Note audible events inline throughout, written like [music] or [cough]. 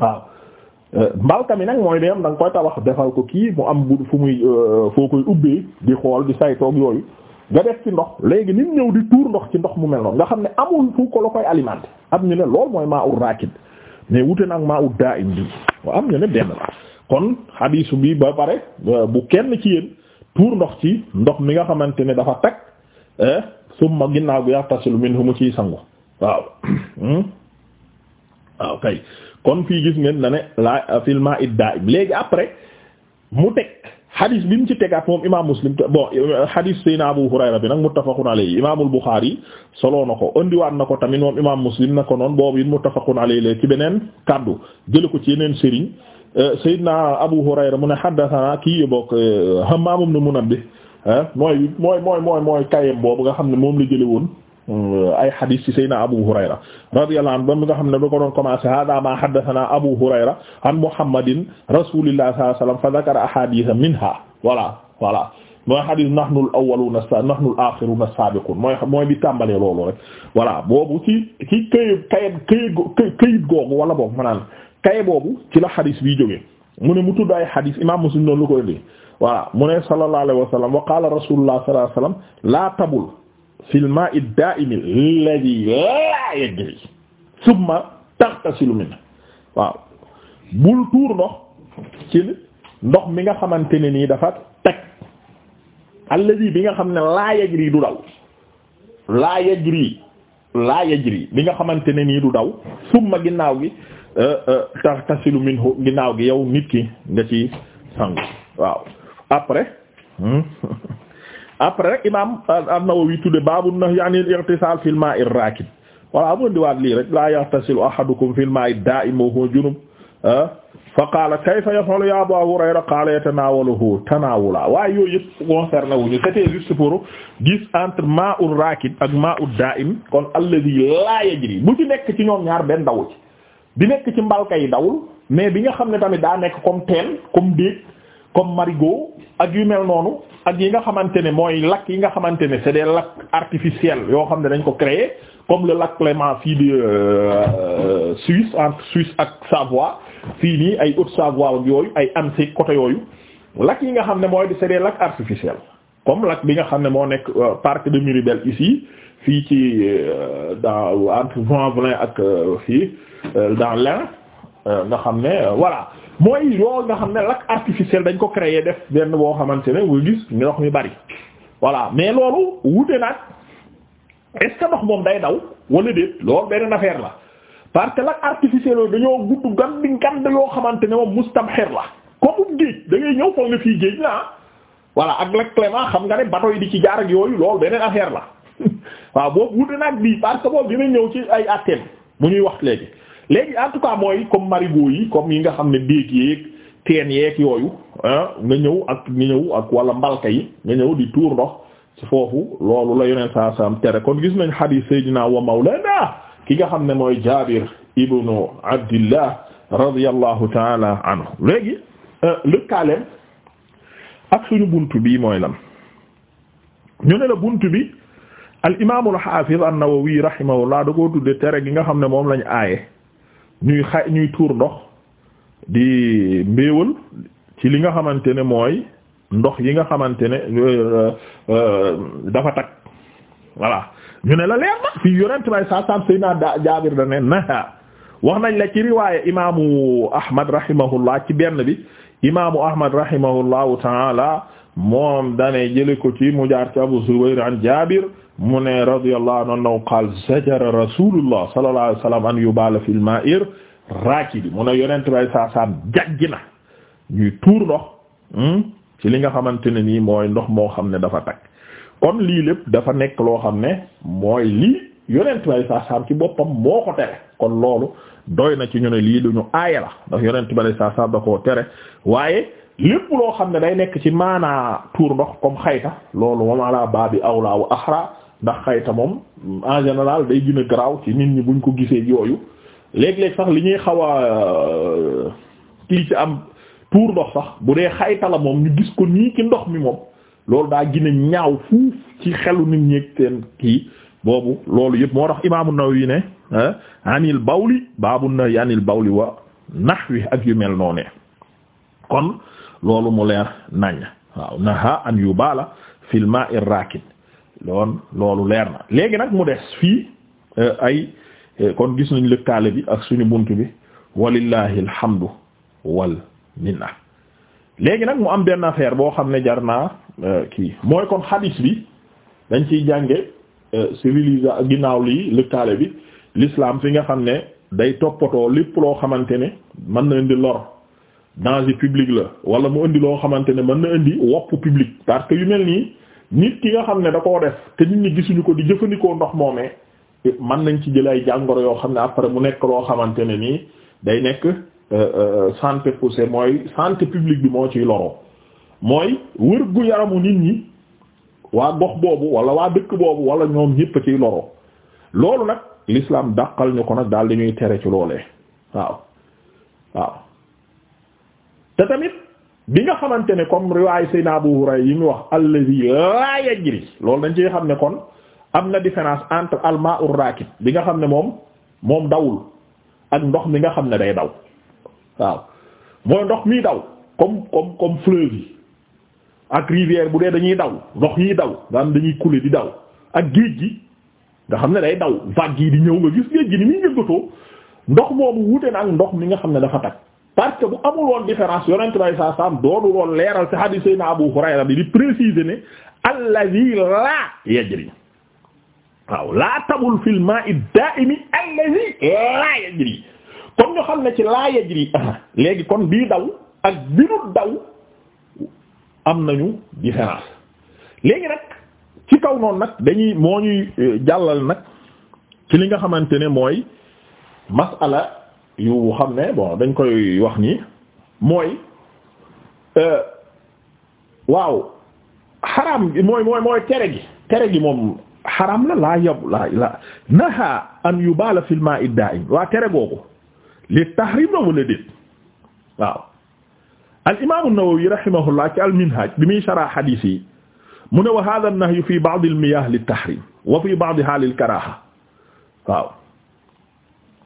waaw euh, mbalka mi nag mooy dem da nga koy tabax defal ko kii mu am bu fu muy euh, foo koy ubbee di xool di saytoog yooyu nga def ci ndox léegi nit ñëw di tuur ndox ci ndox mu mel nga xam ne amul fu ko la am ñu ne lool mooy maa ut raakid mais wute nag maa ut daa im bi am ñu ne benn la kon xadiisu bi ba pare euh, bu kenn ci yéen tuur ndox ci ndox mi nga xamante ne dafa tag eh, summa ginnaaw bi yaxtasilu minhu mu ciy sangu waaw [clears throat] waaw kay kon fii gis ngeen na ne laa filma it daib léegi après mu teg hadis bi mu ci tegaat moom imam muslim bon hadis sayna abu hurayra bi nag muttafaqun alayhi imamul buxaari soloo na ko andiwaat na ko tamit moom imam muslim na ko noon boobu it muttafaqun alayhi léegi ci beneen kaddu jële ko ci yeneen sëriñ euh, saydna abu hurayra mu ne haddathana kii yo bokk na euh, ibn a mooy mooy mooy mooy mooy kayem boobu nga xam ne moom la jële woon Euh, ay hadis ci Seydina Abu Hurayra radiyallahu anhu ba mi nga xam ne ba ko doon commencé hada ma haddathana Abu Hurayra an Muhammadin rasulillahi sallallahu alayhi wasallam fa dhakara ahaditha minha voilà voilà mooy hadis nahnu al-awwaluna nahnu al-akhiruna as-sabiqun mooy mooy bi tàmbalee loolu rek voilà boobu ci ci këyit këyit këyit googu wala boobu maanaam kay boobu ci la hadis bi jógee mu ne mu tudd ay hadis imam Muslim noonu lu koy lii voilà mu ne sallallahu alayhi wasallam wa qala rasulullah sallallahu alayhi wasallam la tabul fil ma'i da'im alladhi la yajri summa taghtasilu minhu waaw bul tuur ndox ci ndox mi nga xamante ne nii dafa teg alladhi bi nga xam ne la yajri du daw la yajri la yajri bi nga xamante ne nii du daw summa ginnaaw gi euh, euh, taghtasilu minhu ginnaaw gi yow nit ki nga ci sangu waaw après hmm? [laughs] après rek imaam euh, an-Nawawi tudde baabu nahyi anil ightisaal fil maa'i raakid voilà mu ndiwaat lii rek laa yaghtasilu ahadukum fil maa'i daa'im wa junub ah. fa qaala kayfa yaf'alu ya Abaa Hurayra qaala yatanaawaluhu tanaawula waaye yooyu yëpp concerné wuñu c'était juste pour gis entre maa'u raakid ak maa'u daa'im kon alladhi laa yajri bu ci nekk ci ñoom ñaar benn dawu ci bi nekk ci mbalka yi dawul mais bi nga xam ne tamit daa nekk comme teen comme déeg comme marigot yu mel noonu ak yi nga xamante ne mooy lakk yi nga xamante ne c'est des lacs artificiels yoo xam ne dañ ko créer comme le lakk Léman fii di euh, euh, Suisse entre Suisse ak Savoie fii nii ay Haute-Savoie yooyu ay Annecy côté yooyu lac yi nga xam ne mooy c'est des lacs comme lac bi nga xam ne moo nekk euh, parc de Miribel ici fii ci dans entre Vanvelin ak fii dans l'Ain nga xam ne voilà mooy loolu nga xam ne lac artificiel dañ ko créer def benn boo xamante ne nga gis ndox mi bari voilà mais loolu wute nag est ndox moom day daw wala déet loolu beneen affaire la parce que lac artificiel yooyu dañoo gudd gan di ngand yoo xamante ne moom mustamxir la comme ñëw foog nga fii ah. ak lac xam nga ne bateau yi di ci jaar ak yooyu loolu beneen affaire la [laughs] waaw boobu wute nag bii parce que boobu dina ñëw ci ay atteem mu ñuy wax léegi léegi en tout cas mooy comme marigot yi comme yi nga xam ne déeg yeeg teen yeeg yooyu ah, nga ñëw ak nga ñëw ak wala mbalka yi nga ñëw di tuur ndox ci foofu loolu la yoneen saa saam tere kon gis nañ hadith Seydina wa mawlana ki nga xam ne mooy Jaabir ibnu Abdillah radiyallahu taala anhu léegi euh, lëkkaaleem ak suñu buntu bi mooy lan ñu ne la buntu bi al imaamul xaafiz an-Nawawi rahimahullah da koo tere gi nga xam ne moom lañu aaye ñuy xay tuur ndox di mbéewal ci li nga xamante ne mooy ndox yi nga xamante ne euh, euh, euh, dafa tag voilà ñu ne la leer na fii yonent bay saa sam sëy naa jaabir da ne na wax nañ la ci riwaaya imaamu ahmad rahimahullah ci benn bi imaamu ahmad rahimahullahu taala moom dane jële ko ci mu jaar ci Abu Zubayr an Jaabir mu ne radiyallahu anhu qaal zajara rasulullah sallallahu alayhi wa sallam an yubala fil ma'ir raakidi mu ne yonent bay saasaam jajj na ñuy tuur ndox hmm, ci li nga xamante ne nii mooy ndox moo xam ne dafa takk kon lii lépp dafa nekk loo xam ne mooy lii yonent bay saasaam ci boppam moo ko tere kon loolu doy na ci ñu ne lii lu ñu aaya la ndax yonent bay saasaam da koo tere waaye lépp loo xam ne day nekk ci maanaa tour ndox comme xayta loolu moom ala baabi awla wa axra ndax xayta moom en général day gën graaw ci nit ñi buñ ko gisee yooyu léeg-léeg sax li ñuy xaw a euh, kii ci am tuur ndox sax bu dee xayta la moom ñu gis ko nii ci ndox mi moom loolu daa gën ñaaw fuuf ci xelu nit ñi ak seen kii boobu loolu yëpp moo tax imaamu Nawawi ne anil bawli baabu na anil bawli wa wi ak yu mel noonu kon loolu mu leer nañ waaw naha yu yubala fil ma'i rakid loon loolu leer na léegi nag mu des fii eh, ay eh, kon gis nañ lëkkaale bi ak suñu bunt bi walillahi alhamdu wal minna léegi nag mu am benn affaire boo xam ne jar naa eh, kii mooy kon hadith bi dañ ciy jànge civilisé ginnaaw lii lëkkaale bi lislaam fi nga xam ne day toppatoo lépp loo xamante ne mën na leen di lor danger public la wala mu indi loo xamante ne mën na indi wopp public parce que yu mel nii nit ki nga xam ne da koo def te nit ñi gisuñu ko di jëfandikoo ndox moomee eh, man nañ ci jël ay jàngoro yoo xam ne après mu nekk loo xamante ne nii day nekk euh, euh, santé poussée mooy santé publique bi moo ciy loroo mooy wër gu yaramu nit ñi waa gox boobu wala waa dëkk boobu wala ñoom ñépp a ciy loroo loolu nag lislaam dàqal ñu ko nag daal di ñuy tere ci loolee waaw waaw te tamit bi nga xamante ne comme riwaay Seydina Abu Hurayra yi mu wax allazi la yajri loolu dañ ci xam ne kon am na différence entre alma ur rakib bi nga xam ne moom moom dawul ak ndox mi nga xam ne day daw waaw mooy ndox mi daw comme comme comme fleuve yi ak rivière bu dee dañuy daw ndox yi daw nga am dañuy couler di daw ak géej gi nga xam ne day daw vagues yi di ñëw nga gis géej gi ni muy yëngatoo ndox moomu wute na ak ndox mi nga xam ne dafa tag parce que bu amul woon différence yonent bay saa saam doonu loon leeral ci hadith sayna Abu Hurayra bi di préciser ne allazi laa yajri waaw laa tabul fil ma'i da'imi allazi laa yajri kon ñu xam ne ci laa yajri léegi kon bii daw ak bi nu daw am nañu différence léegi nag ci kaw noonu nag dañuy moo ñuy jàllal nag ci li nga xamante ne mooy masala yu xam ne bon dañ koy wax nii mooy euh, waaw xaram gi mooy mooy mooy tere gi tere gi moom xaram la laa yab laa la naha an yubala fil ma'i da'im waa tere googu li tahrim la wala déet waaw al imam an-Nawawi rahimahullah ci al minhaj bi muy sharah hadith yi mu ne wa hadha an-nahyu fi ba'd al miyah li tahrim wa fi ba'dha lil karaha waaw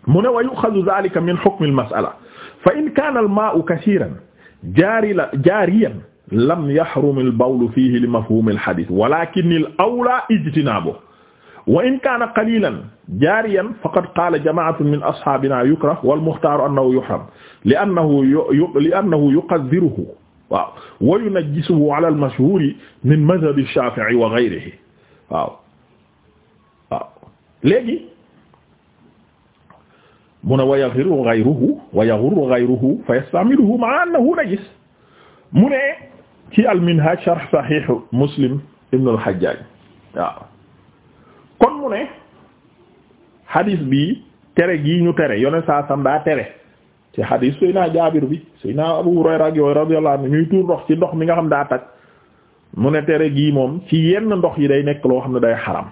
mu ne wa yuxazu zalika min hukm al mas'ala fa in kaana al maa'u kasiiran jaariyan lam yahrum al bawlu fiihi li mafhum al hadith walaakin al awlaa ijtinaabuhu wa in kaana qaliilan jaariyan faqad qaala jamaa'atun min ashaabinaa yukrahu wal muxtaaru annahu yuhram li'annahu li'annahu yuqaddiruhu waaw wa yunajjisuhu ala al mashhuuri min madhabi shaafi'i wa ghayrihi waaw waaw léegi mu ne wa yaxiru xayruhu wa yaxurru xayruhu fa yastamiluhu ma annahu najis mu ne ci al-Minhaj sharh Sahih Muslim ibn al-Hajjaj waaw kon mu ne hadith bi tere gii ñu tere yone saa sam daa tere ci hadith Seydina Jaabir bi Seydina Abu Hurayra ak yooyu radiyallahu anhu ñuy tuur ndox ci ndox mi nga xam daa tag mu ne tere gii moom ci yenn ndox yi day nekk loo xam ne day xaram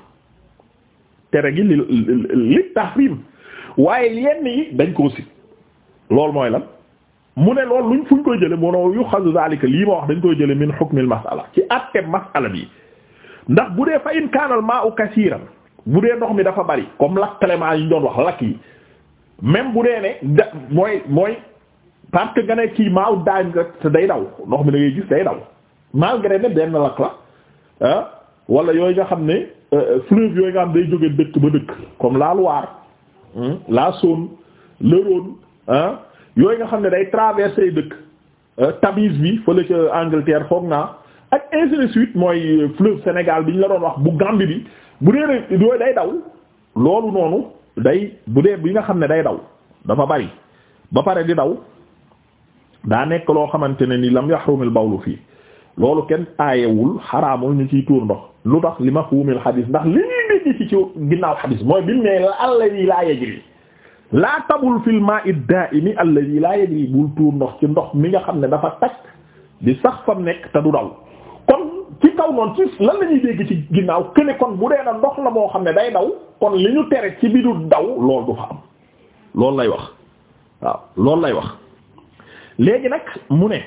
tere gi li li tahrim waaye yenn yi dañ koo sit loolu mooy lan mu ne loolu luñ fu ñu koy jële mono yu xasu zalika lii ma wax dañ koy jële min hukmil masala ci atte masala bi ndax bu dee fa in kaanal ma'u kasiiran bu dee ndox mi dafa bari comme lakk clément yi ñu doon wax lakk yi même bu dee ne mooy mooy parce que nga ne kii maaw daañ rek te day daw ndox mi da ngay gis day daw malgré ne benn lakk la ah wala yooyu nga xam ne euh, fleuve yooyu nga xam day jóge dëkk ba dëkk comme la Loire Hmm? la Saône la Rhône ah yooyu nga xam ne day traverser dëkk euh, Tamise bi fële ca Angleterre foog naa ak ainsi de suite mooy fleuve Sénégal bi ñu la doon wax bu Gambie bi bu dee yooyu day daw loolu noonu day bu dee bi nga xam ne day daw dafa bari ba pare di daw daa nekk loo xamante ne ni lam yaxrumil bawlu fii loolu kenn aayewul xaraamul ñu ciy tuur ndox lu tax li ma xuumil xadiis ndax li léegi ci ci ginnaaw xadis mooy bi mu ne alladi laa yajri laa tabul fil ma'i da'imi alladi laa yajri bul tuur ndox ci ndox mi nga xam ne dafa takk di sax fam nekk te du daw kon ci kaw noonu ci lan la dégg ci ginnaaw këne kon bu dee na ndox la moo xam ne day daw kon li ñu tere ci bi du daw loolu du fa am loolu lay wax waaw loolu lay wax léegi nag mu ne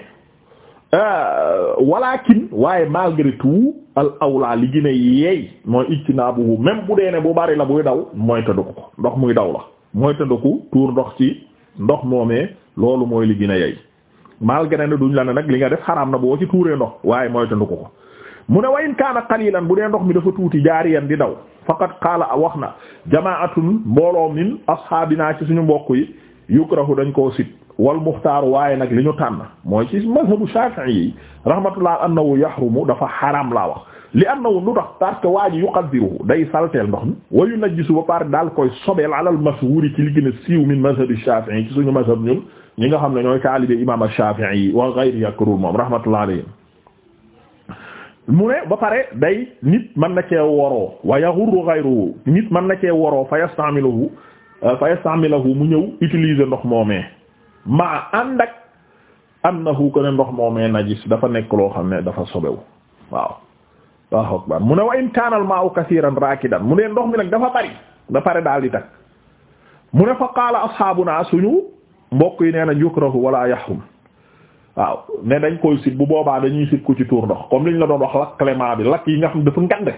walaa euh, walakin waaye malgré tout al awla li gën a yeey mooy ijtinaabuhu même bu dee ne bu bari la buy daw mooy tëndiku ko ndox muy daw la mooy tëndiku tuur ndox ci ndox moomee loolu mooy li gën a yeey malgré ne duñ la ne nag li nga def xaraam na boo ci tuuree ndox waaye mooy tëndiku ko mu ne wa in kaana qalilan bu dee ndox mi dafa tuuti jaariyan di daw faqad qaala wax na jamaatun mbooloo min ashaabinaa ci suñu mbokk yi yukrahu dañ koo sit wal muxtaar waaye nag li ñu tànn mooy ci mazhabu Shafi'i yi rahmatullah annahu yahrumu dafa xaram laa wax li annahu lu tax parce que waa ji yuqaddiruhu day salteel ndox mi wa yunajjisu ba pare daal koy sobeel alal mashhuuri ci li gën a siiw min mazhabi Shafi'i ci suñu mazhab ñun ñi nga xam ne ñooy taalibe imaam Shafi'i yi wa ghayri yakrul moom rahmatullah alayhi mu ne ba pare day nit mën na cee woroo wa yaghurru ghayruhu nit mën na cee woroo fa yasta'miluhu fa yasta'miluhu mu ñëw utiliser ndox moomee ma ànd ak annahu ko ne ndox moomee najis dafa nekk loo xam ne dafa sobewu waaw waaw akbar mu ne wa in kaana al ma'u kasiiran raakidan mu ne ndox mi nag dafa bari da pare daal di tak mu ne fa qaala naa suñu mbokk yi nee na yukrahu wala yahrum waaw ne dañ koy sit bu boobaa dañuy sit ku ci tuur ndox comme liñ la doon wax lak clément bi lakk yi nga xam dafa ngande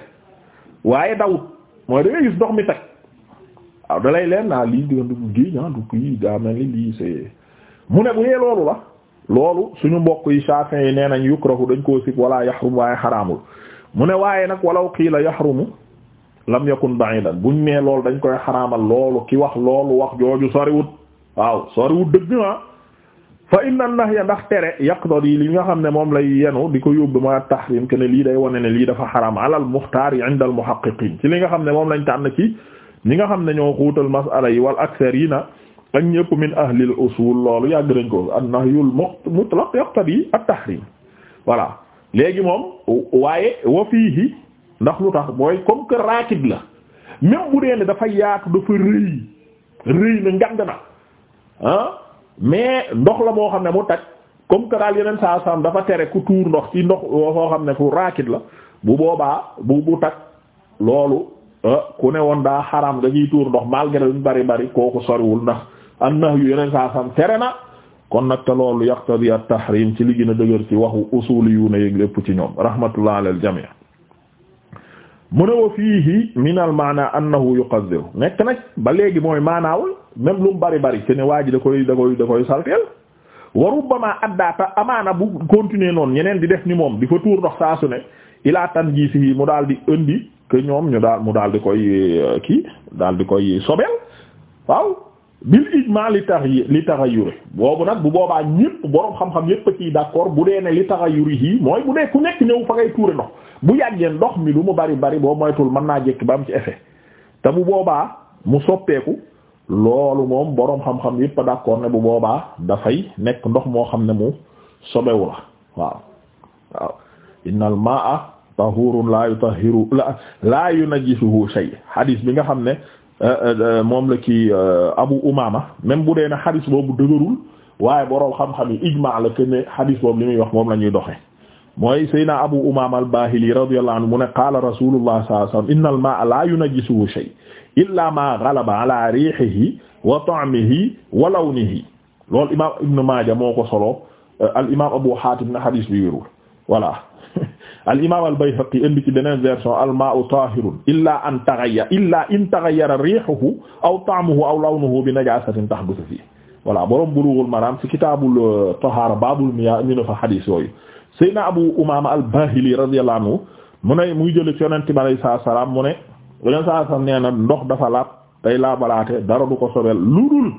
waaye dawut mooy da ngay gis ndox mi tak waaw dalay leen naa lii di du géej ah du kii mu ne bu yee loolu la loolu suñu mbokk yi Shafi'i yi nee nañ yukrahu dañ koo sib wala yaxrum waaye xaraamul mu ne waaye nag walaw qiila yaxrumu lam yakun ba'idan buñ nee loolu dañ koy xaraamal loolu ki wax loolu wax jooju soriwut waaw soriwut dëgg na fa inna nahya ndax tere yi li nga xam ne moom lay yenu di ko yóbbu ma tahrim que ne lii day wane ne lii dafa xaraam alal muxtaar inda al muhaqqiqin ci li nga ne moom lañ tànn ci ñi nga xam ne ñoo xuutal masala yi wal aktharina ak ñëpp min ahlil usul loolu yàgg nañ ko an-nahyul mutlaq yaqtadi at-tahrim voilà léegi moom waaye wa fiihi ndax lu tax mooy comme que raakid la même bu dee ne dafa yaatu dafa rëy rëy na njàng na ah mais ndox la moo xam ne mu taj comme que daal yeneen saa saam dafa tere ku tuur ndox ci ndox soo xam ne fu raakid la bu boobaa bu bu taj loolu ah ku ne woon daa xaraam nga ciy tuur ndox malgré luñ bari bari kooku soriwul ndax. annahyu yeneen saa tere na kon nag te loolu yaqtadi at-tahrim ci li gën a dëgër ci waxu usuuli yu ne yëg lépp ci ñoom rahmatullah ala al-jami' mu ne wa fiihi min al-maana annahu yuqaddiru nekk na ba léegi mooy maanaawul même lu bari bari te ne waa ji da koy da koy da salteel wa rubbama addaata amaana bu continuer noonu yeneen di def ni moom di fa tuur ndox saa ne ilaa tanjiisihi mu daal di indi que ñoom ñu daal mu daal di koy kii daal di koy sobeel bil ijmaa li tax li tax taxayure boobu nag bu boobaa ñëpp boroom xam-xam yëpp a ciy d'accord bu dee ne li taxayuri yii mooy bu dee ku nekk ñëw fa ngay tuure ndox bu yàggee ndox mi lu mu bari bari boo moytul mën naa jekk ba am ci effet te bu boobaa mu soppeeku loolu moom boroom xam-xam yëpp a d'accord ne bu boobaa dafay nekk ndox moo xam ne mu sobewu la waaw waaw innal ma'a tahurun la yutahhiru la la yunajjisuhu shay hadis bi nga xam ne Euh, euh, euh, moom la kii Abu Umaama même bu dee ne xadis boobu dëgërul waaye boroom xam-xam yi ijmaa la que ne xadis boobu li muy wax moom la ñuy doxee mooy Seydina Abu Umaama al-Baahili radiyallahu anhu mu ne qaala rasuulullah sallallahu alayhi wa sallam inna al-maa'a laa yunajjisuhu shay illaa maa ghalaba ala riihihi wa ta'mihi wa lawnihi loolu imaam Ibn Maaja moo ko solo al imaam Abu Haatim na xadis bi wérul voilà al imaam al bayhaqi indi version al maa'u taahirun in taghayyara riihuhu aw lawnuhu bi najaasatin tahdusu fiihi borom bulughul maraam ci kitaabul euh, tahaara baabul miyaa indi na fa xadiis yooyu Seydina Abu Umaama al Baahili radiyallahu mu ne muy jële ci Yonent bi salaam mu ne ndox dafa laab day laabalaate dara du ko sobeel ludul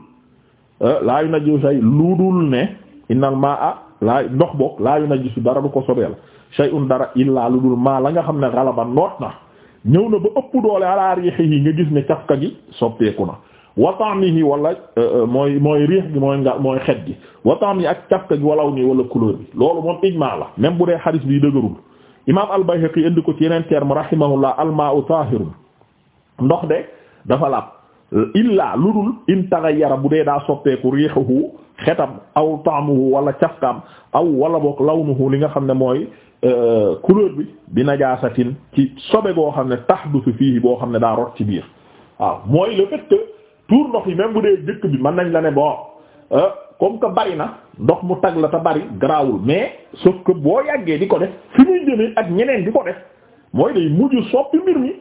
euh, laa yu najju say ludul ne innal maa'a ndox boog laa yu najju dara du ko sobeel shay'un dara illaa lu dul maa la nga xam ne xalaba noot na ñëw na ba ëpp doole ala riihi nga gis ne cafka gi soppeeku na wa ta'mihi wala euh, euh, mooy mooy riix gi mooy mooy xet gi wa ta'mihi ak cafka gi walaw nii wala couleur bi loolu moom ijmaa la même bu dee xadis bi dëgërul imaam al-Bayhaqi indi ko ci yeneen terme rahimahullah al-maa'u taahirun ndox de dafa laab illaa lu dul in taghayyara bu dee daa soppeeku riihuhu xetam aw taamuhu wala cafkaam aw walla law boog lawnuhu li nga xam ne mooy euh, couleur bi bi najaasatin ci sobe boo xam ne tax tahdutu fii boo xam ne daa rot ci biir waaw mooy le fait tuur ndox yi même bu dee jëkk bi mën nañ la ne bon euh, comme que bari na ndox mu tag la te bari garaawul mais sauf que boo yàggee di ko def fi muy jëmee ak ñeneen di ko def mooy day mujj soppi mbir mi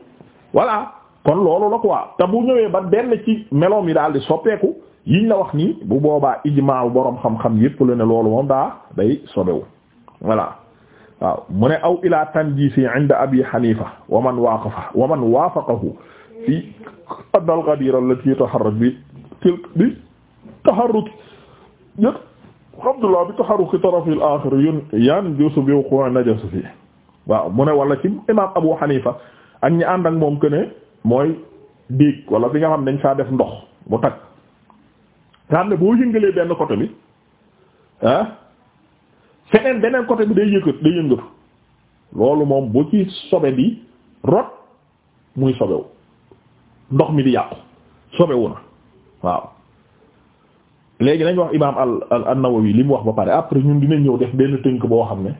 voilà kon loolu la quoi te bu ñëwee ba benn ci meloom yi daal di soppeeku yiñ la wax ni bu boobaa ijmaa boroom xam-xam yépp la ne loolu moom daa day sobewu voilà waaw mu ne aw ila tanjisi inda abi xanifa wa man waaqafa wa man waafaqahu fi addal qadira allati waaw mu ne wala ci imam abu xanifa ak ñi ànd ak moom que mooy déeg wala bi nga xam ne dañ saa def ndox mu tag nga xam ne boo yëngalee benn côté bi ah feneen beneen côté bi day yëkkat day yëngatu loolu moom bu ci sobe bi rot muy sobewu ndox mi di yàqu sobewu na waaw léegi nañ wax imaam al al an-Nawawi li mu wax ba pare après ñun dinañ ñëw def benn tënk boo xam ne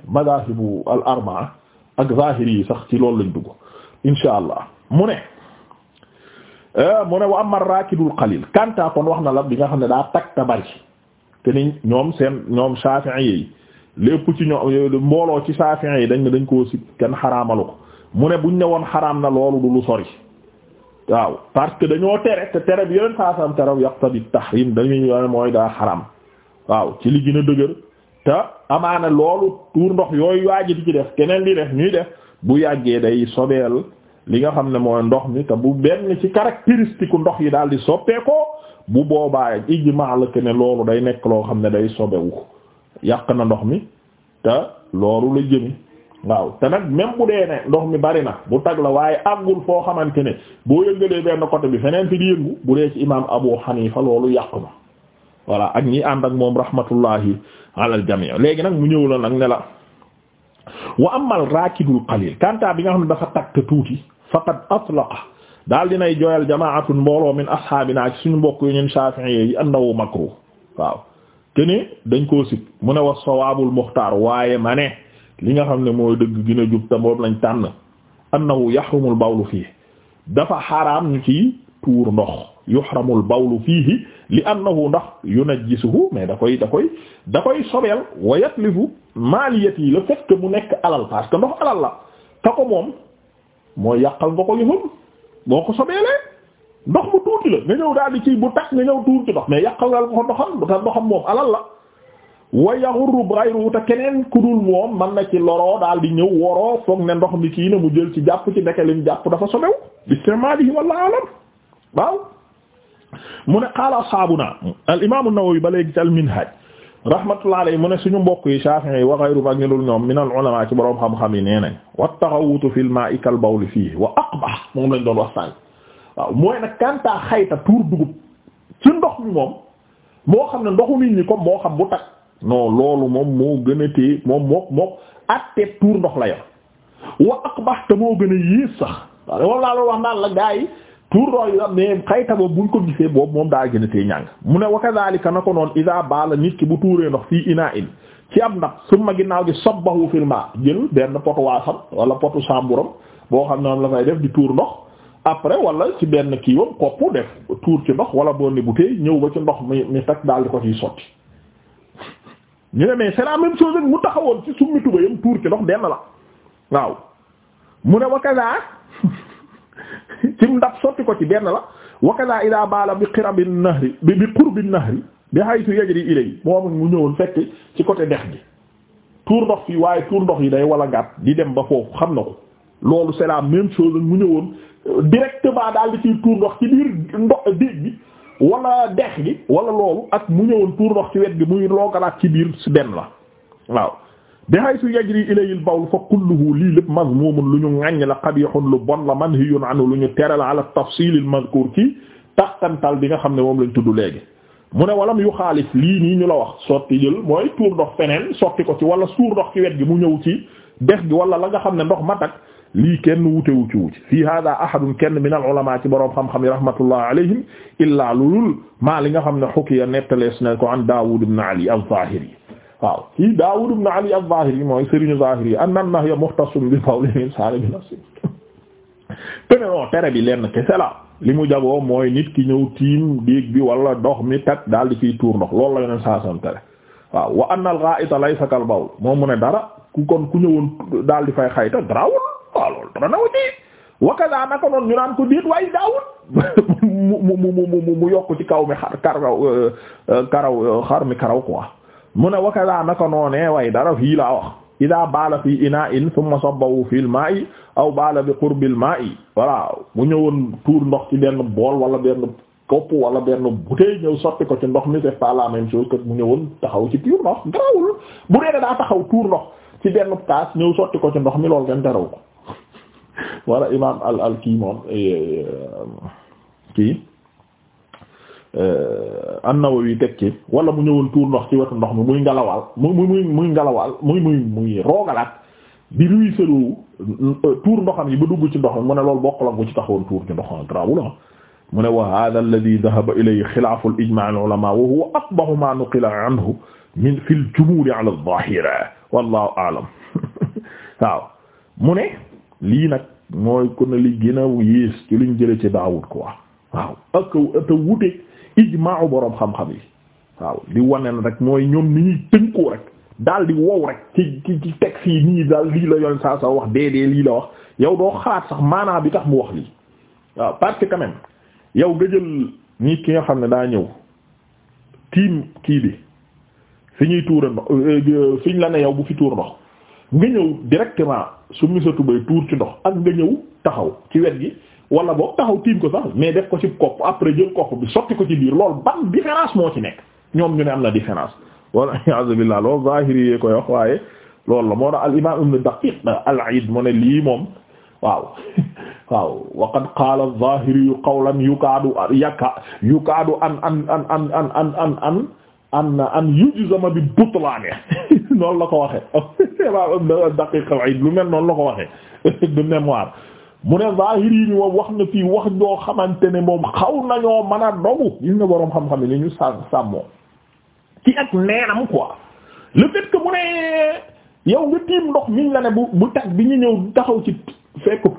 bu al arba'a ak zahiri yi sax ci loolu lañ dugg insha allah mu ne Euh, mu ne wa amma raakidul qalil kanta kon wax na la bi nga xam ne daa takk ta bari te ni ñoom seen ñoom Shafi'i yi lépp ci ñoom mbooloo ci Shafi'i yi dañ ne dañ koo si kenn xaraamalu ko mu ne buñ ne woon xaraam na loolu du lu sori waaw parce que dañoo tere te tere bi yeneen saasam tere yaqtadi tahrim dañuy mooy daa xaram waaw ci li gën a dëgër te amaana loolu tuur ndox yooyu waaj di ci def keneen di def ñuy def bu yàggee day sobeel li nga xam ne mooy ndox mi te bu benn ci caractéristique ndox yi daal di soppeekoo bu boobaa ijmaa la ke ne loolu day nekk loo xam ne day sobewu yàq na ndox mi te loolu la jëmi waaw te nag même bu dee ne ndox mi bari na bu tag la waaye àggul foo xamante ne boo yëngalee benn côté bi feneen fi di yëngu bu dee ci imaam Abu Hanifa loolu yàqu na voilà ak ñi ànd ak moom rahmatullahi alal jamii léegi nag mu ñëw la nag ne la wa amal raakidul qalil kanta bi nga xam ne dafa takk tuuti faqad atlaqa daal dinay jooyal jamaatun mbooloo min ashaabina ak suñu mbokk yi ñun Shafi'i yi annahu makruh waaw kene dañ ko sib mu ne wax sawaabul muxtaar waaye ma ne li nga xam ne mooy dëgg gën a jub te boobu lañ tànn annahu yaxrumul bawlu fii dafa xaraam ñu ci tuur ndox yuxramul bawlu fiihi li annahu ndax yunajjisuhu mais da koy da koy da koy mu nekk alal parce que ndox alal la te ko moom mooy yàqal nga ko yëfam boo ko sobeelee ndox mu tuuti la nga ñëw daal di ciy bu tax nga ñëw tuuti ndox mais yàqal nga ko ndoxam bu tax ndoxam moom alal la wa yaxurru ghayru te keneen ku dul moom man na ci loroo daal di ñëw woroo foog ne ndox mi kii na mu jël ci jàpp ci ndeke lim jàpp dafa sobew bistimaalihi walla alam waaw mu ne qaala ashaabuna al imaamu Nawawi ba léegi ci al minhaj rahmatullah alayhi mu ne suñu mbokk yi Shafi'i yi wa ghayruhum ak ñu dul ñoom minal ulama ci boroom xam-xam yi nee nañ wa taxawutu fil maa'i baw bawli fii wa aqbah moom lañ doon wax sànq waaw mooy nag kantaa xayta tuur dugub ci ndox mi moom moo xam ne ndoxu yi ñi comme moo xam bu tag noo loolu moom moo gën a téye moom mook mook atteeb tuur ndox la yor wa aqbah te moo gën a yées sax waaw moom laa loolu wax naan la gaa yi tuurdoo yi daal mais xayta boobu buñ ko gisee boobu moom daa gën a tee ñàng mu ne wa kadhalika na ko noonu idaa baala nit ki bu tuuree ndox fii inaa in ci am nag summa ginnaaw gi sabbahu fil ma jël benn potu waasam wala potu samburam boo xam ne moom la fay def di tuur ndox après wala ci benn kii wam kopp def tuur ci ndox wala boo bu bouteille ñëw ba ci ndox mi mi tag daal di ko ciy sotti ñu ne mais c'est la même mu taxawoon ci summi tubayam tuur ci ndox benn la waaw cim ndax sotti ko ci benn la wa kaza ila baala bi qirabi nahri bi bi qurbi nahri bi haythu yajri ilay moom mu ñëwoon fekk ci côté dex gi tuur ndox fii waaye tuur ndox yi day wala gaat di dem ba foofu xam na ko loolu c'est la même chose mu ñëwoon directement daal di ciy tuur ndox ci biir ndox déeg gi wala dex gi walla loolu ak mu ñëwoon tuur ndox ci wet gi muy loogalaat ci biir si benn la waaw bi haythu yajri ilayhi al-bawl fa kulluhu lii lépp mazmumun lu ñu ŋaññ la qabihun lu bon la manhiyun anhu lu ñu tere la ala tafsil al-mazkur ci taxtantal bi nga xam ne moom lañ tudd léegi. mu ne walam yu xaalif lii nii ñu la wax sotti jël mooy tuur ndox feneen sotti ko ci wala suur ndox ci wet gi mu ñëw ci dex gi wala la nga xam ne ndox matak lii kenn wutewu ci wuci fii hada ahadun kenn min al ulama ci boroom xam-xam yi rahmatullah alayhim illaa lulul maa li nga xam ne xukiya nettalees na ko an Daawud ibn Ali al-Zahiri waaw kii Daawud ibn Ali az-Zahiri mooy sëriñu Zahiri anna an-nahya mukhtassun bi qawli al-insani bi nafsi tenenoo tere bi lenn kese la li mu jagoo mooy nit ki ñëw tiim déeg bi wala dox mi tat daal di ciy tuur ndox loolu la yoneen saasam tere waaw wa anna al-gha'ita laysa kal-bawl moom mu ne dara ku kon ku ñëwoon daal di fay xayta drawul waaw loolu dara naw ci wakaza naka noonu ñu naan ko déet waaye Daawud [laughs] mu mu mu mu mu yokk ci kaw mi xar euh, euh, karaw euh, mu ne wakada naka noonee way dara fii laa wax ida baala fi ina in thumma sabbahu fil ma'i aw baala bi qurbil ma'i voilà mu ñëwoon tuur ndox ci benn bool wala benn kopp wala benn bouteille ñëw sotti ko ci ndox mi c'est pas la même chose que mu ñëwoon taxaw ci tuur ndox garawul bu dee daa taxaw tuur ndox ci benn kaas ñëw sotti ko ci ndox mi lool gën teraw ko wala [laughs] imam al al kii moom eh, kii Euh, an-Nawawi teg ci wala mu ñëwoon tuur ndox ci wetu ndox mi muy ngalawaal muy muy muy ngalawaal muy muy muy roogalaat bi ruisseloo euh, tuur ndoxam yi ba dugg ci ndox mi mu ne loolu bokkul ak bu ci taxawoon tuur ci ndoxam garaawul ah mu ne wa hadha alladhi dhahaba ilayhi xilaafu al-ijma' al-ulama wa huwa aqbahu ma nuqila anhu min fi al-jumhur 'ala adh-dhahira wallahu a'lam [laughs] waaw mu ne lii nag mooy ku ne li gën a yées ci luñ jëlee ci Daawud quoi waaw ak te wuute ijma'u boroom xam-xam yi waaw di wane na rek mooy ñoom ni ñuy tënkoo rek daal di wow rek ci ci ci texte nii daal lii la yoon saa sa wax déedee lii la wax yow doo xalaat sax maanaa bi tax mu wax lii waaw parce que quand yow nga jël nit ki nga xam ne daa ñëw tiim kii bi fi ñuy tuura ndox euh, fi ñu la ne yow bu fi tuur ndox nga ñëw directement su misatu bay tuur ci ndox ak nga ñëw taxaw ci wet gi wala boo taxaw tiim ko sax mais def ko ci kopp après jël kopp bi sotti ko ci biir loolu ban différence moo ci nekk ñoom ñu ne am na différence wala asabillah loolu zahiri yee koy wax waaye loolu la moo tax al imam ibn daqiq al-Iid mu ne lii moom waaw waaw wa qad qaala az-Zaahiri qawlan yukaadu yaka yukaadu an an an an an an an an an an yujzama bi butlaane noonu la ko waxee waaw daqiq al-Iid lu mel noonu la ko waxee de mémoire mu ne zahiri yi ñu wax na fii wax ñoo xamante ne moom xaw nañoo mën a dogu gis nga boroom xam-xam ne li ñu sàn sàmmoo ci ak neenam quoi le fait mu yow nga tiim ndox miñ la bu bi ñu ñëw taxaw ci fekkub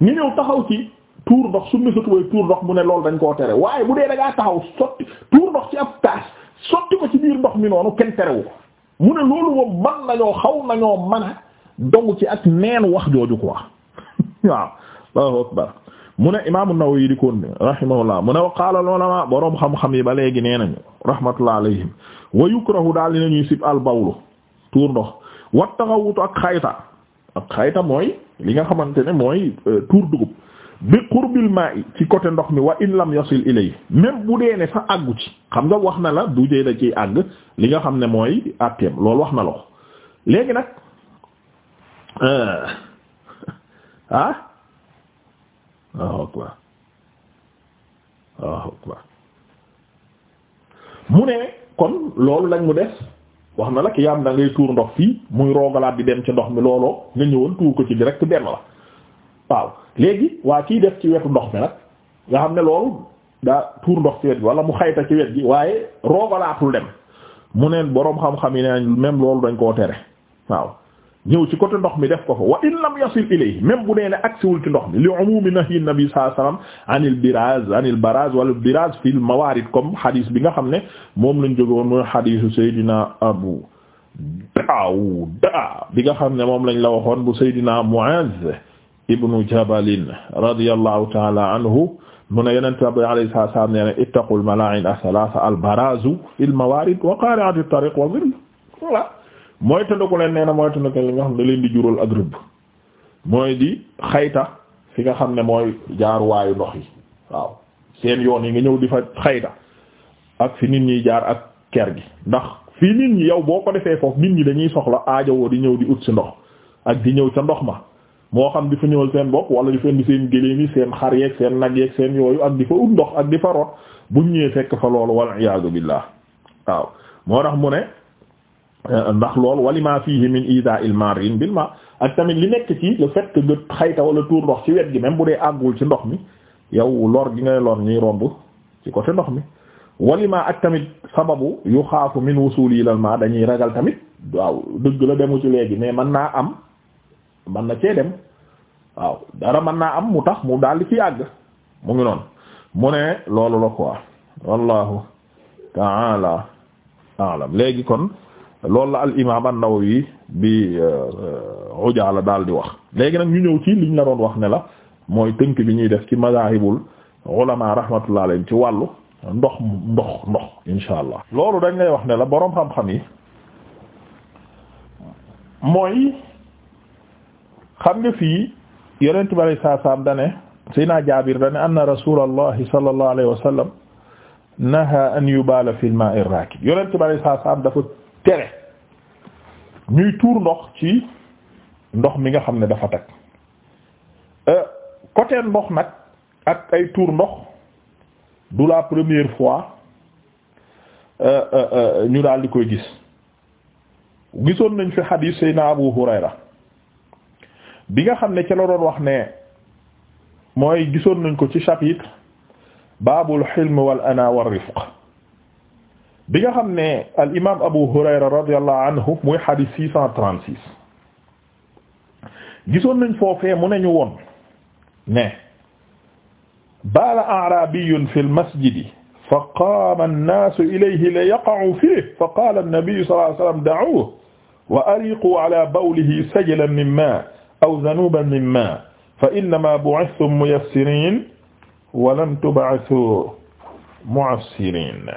ñu ñëw taxaw ci tuur ndox su ni sa ndox mu ne loolu dañ koo tere waaye bu dee da ngaa taxaw sotti tuur ndox ci ab taas sotti ko ci biir ndox mi noonu kenn terewu ko mu ne loolu moom man nañoo xaw nañoo man a dogu ci ak neen wax jooju quoi [laughs] [laughs] waaw mu ne imaamu Nawawi di koon rahimahullah mu ne wa qaala al-ulamaa boroom xam-xam yi ba léegi nee nañu rahmatullah alayhim wa yukrahu daal di nañuy sib al bawlu tuur ndox wa taxawutu ak xayta ak xayta mooy li nga xamante ne mooy euh, tuur dugub bi qurbil maa'i ci côté ndox mi wa in lam yasil ilay même bu dee ne fa àggu ci xam nga wax na la du jëy da ciy àgg li nga xam ne mooy àtteem lool wax na la ko léegi nag euh, ah mu ne kon loolu lañ mu des wax na la ki yaam da ngay tuur ndox fii muy roogalaat di dem ci ndox mi looloo nga ñëwoon tuur ko ci direct benn la waaw léegi waa kiy def ci wetu ndox mi nag nga xam ne loolu daa tuur ndox ci wet gi wala mu xayta ci wet gi waaye roogalaatul dem mu neen boroom xam-xam yi ne même loolu dañ koo tere waaw ñëw ci côté ndox mi def ko fa wa in lam yasil ilayhi même bu nee ne agsiwul ci ndox mi li umumi nahyi nabi sallallahu alayhi wasallam anil biraz anil baraz wala biraz fil mawarid comme hadith bi nga xam ne moom lañ jóge woon mooy hadithu Seydina Abu Daawud bi nga xam ne moom lañ la waxoon bu Seydina Muaz ibnu Jabalin radiyallahu ta'ala anhu mu ne yeneen tabi alayhi salaam nee na ittaqul mala'in ath-thalatha al barazu fil mawarid wa qari'atu at-tariq wa dhillu voilà mooy tëndaku leen nee na mooy tëndaku leen li nga xam ne da leen di jural ak rëbb mooy di xayta fi nga xam ne mooy jaaruwaayu ndox yi waaw seen yoon yi nga ñëw di fa xayta ak fi nit ñi jaar ak ker gi ndax fii nit yow boo ko defee nit ñi dañuy soxla aajowoo di ñëw di ut si ndox ak di ñëw ca ndox ma moo xam di fa ñëwal seen bopp wala di fa indi seen géléem yi seen xar yeeg seen nag yeeg seen yooyu ak di fa ut ndox ak di fa rot buñ ñëwee fekk fa loolu wal iyaazu billah waaw moo tax mu ne Euh, ndax lool walima fihi min ida il marin bil ak tamit li nekk ci le fait que xayta wala tuur ndox ci wet gi même bu dee àggul ci ndox mi yow lor gi ngay lor ñuy romb ci côté ndox mi walima ak tamit sababu yu xaafu min wusuuli ilal ma dañuy ragal tamit waaw dëgg la demu ci léegi mais mën naa am man na cee dem waaw dara mën naa am mu tax mu daal di fi àgg mu ngi noonu mu ne loolu la quoi wallahu taala alam léegi kon loolu la al imaam an-Nawawi bi euh, euh, ujaala daal di wax léegi nag ñu ñëw ci liñ la doon wax ne la mooy tënk bi ñuy def ci mazahibul ulama ci wàllu ndox ndox ndox insha allah loolu dañ lay wax ne la boroom xam-xam yi mooy xam nga fii yonent bi alay saa saam dane sayna Jaabir dane anna rasulallahi sallallahu alayhi wa sallam naha an yu fil ma'i rakib yonent bi alay saa dafa tere ñuy tuur ndox ci ndox mi nga xam ne dafa tag euh, côté ndox nag ak ay tuur ndox du la première fois euh, euh, ñu daal di koy gis gisoon nañ fi xadiis Seydina Abu Hurayra bi nga xam ne ci la doon wax ne mooy gisoon nañ ko ci chapitre baabul xilm wal ana war rifq bi nga xam ne al imaam Abu Hurayra radiyallahu anhu muy xadis six cent trente six gisoon nañ foofee mu nañu woon ne baala a'rabiyun fil masjidi fa qaama an-naasu ilayhi la yaqa'u fiihi fa qaala an-nabiyyu sallallahu alayhi wa sallam da'uuhu wa ariiquu ala bawlihi sajlan min maa'in aw dhanuuban min maa'in fa innamaa bu'ithtum muyassiriin wa lam tub'athuu mu'assiriin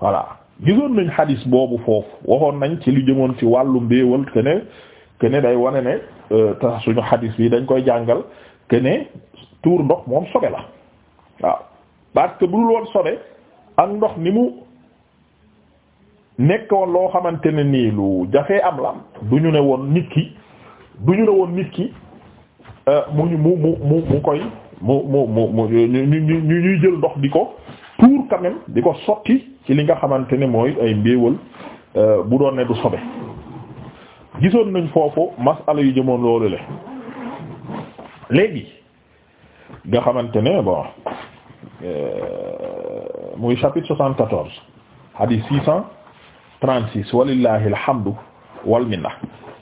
voilà gisoon nañ xadis boobu foofu waxoon nañ ci lu jëmoon ci wàllu mbéewal que ne que day wane ne euh, tax suñu xadis bi dañ koy jàngal que ne tuur ndox moom sobe la waaw parce que bu dul woon sobe ak ndox ni mu nekk woon loo xamante ne nii lu jafee am la du ñu ne woon nit ki du ñu ne woon nit ki euh, mu mu mu mu mu mu mu ñu ñu ñuy jël ndox di ko tuur quand di ko sotti. ci li nga xamante ne mooy ay mbéewal euh, bu doon ne du sobe gisoon nañ foofu masala yu jëmoon loolu le léegi nga xamante ne bon euh, muy chapitre soixante-quatorze hadith six cent trente-six walillahi alhamdu wal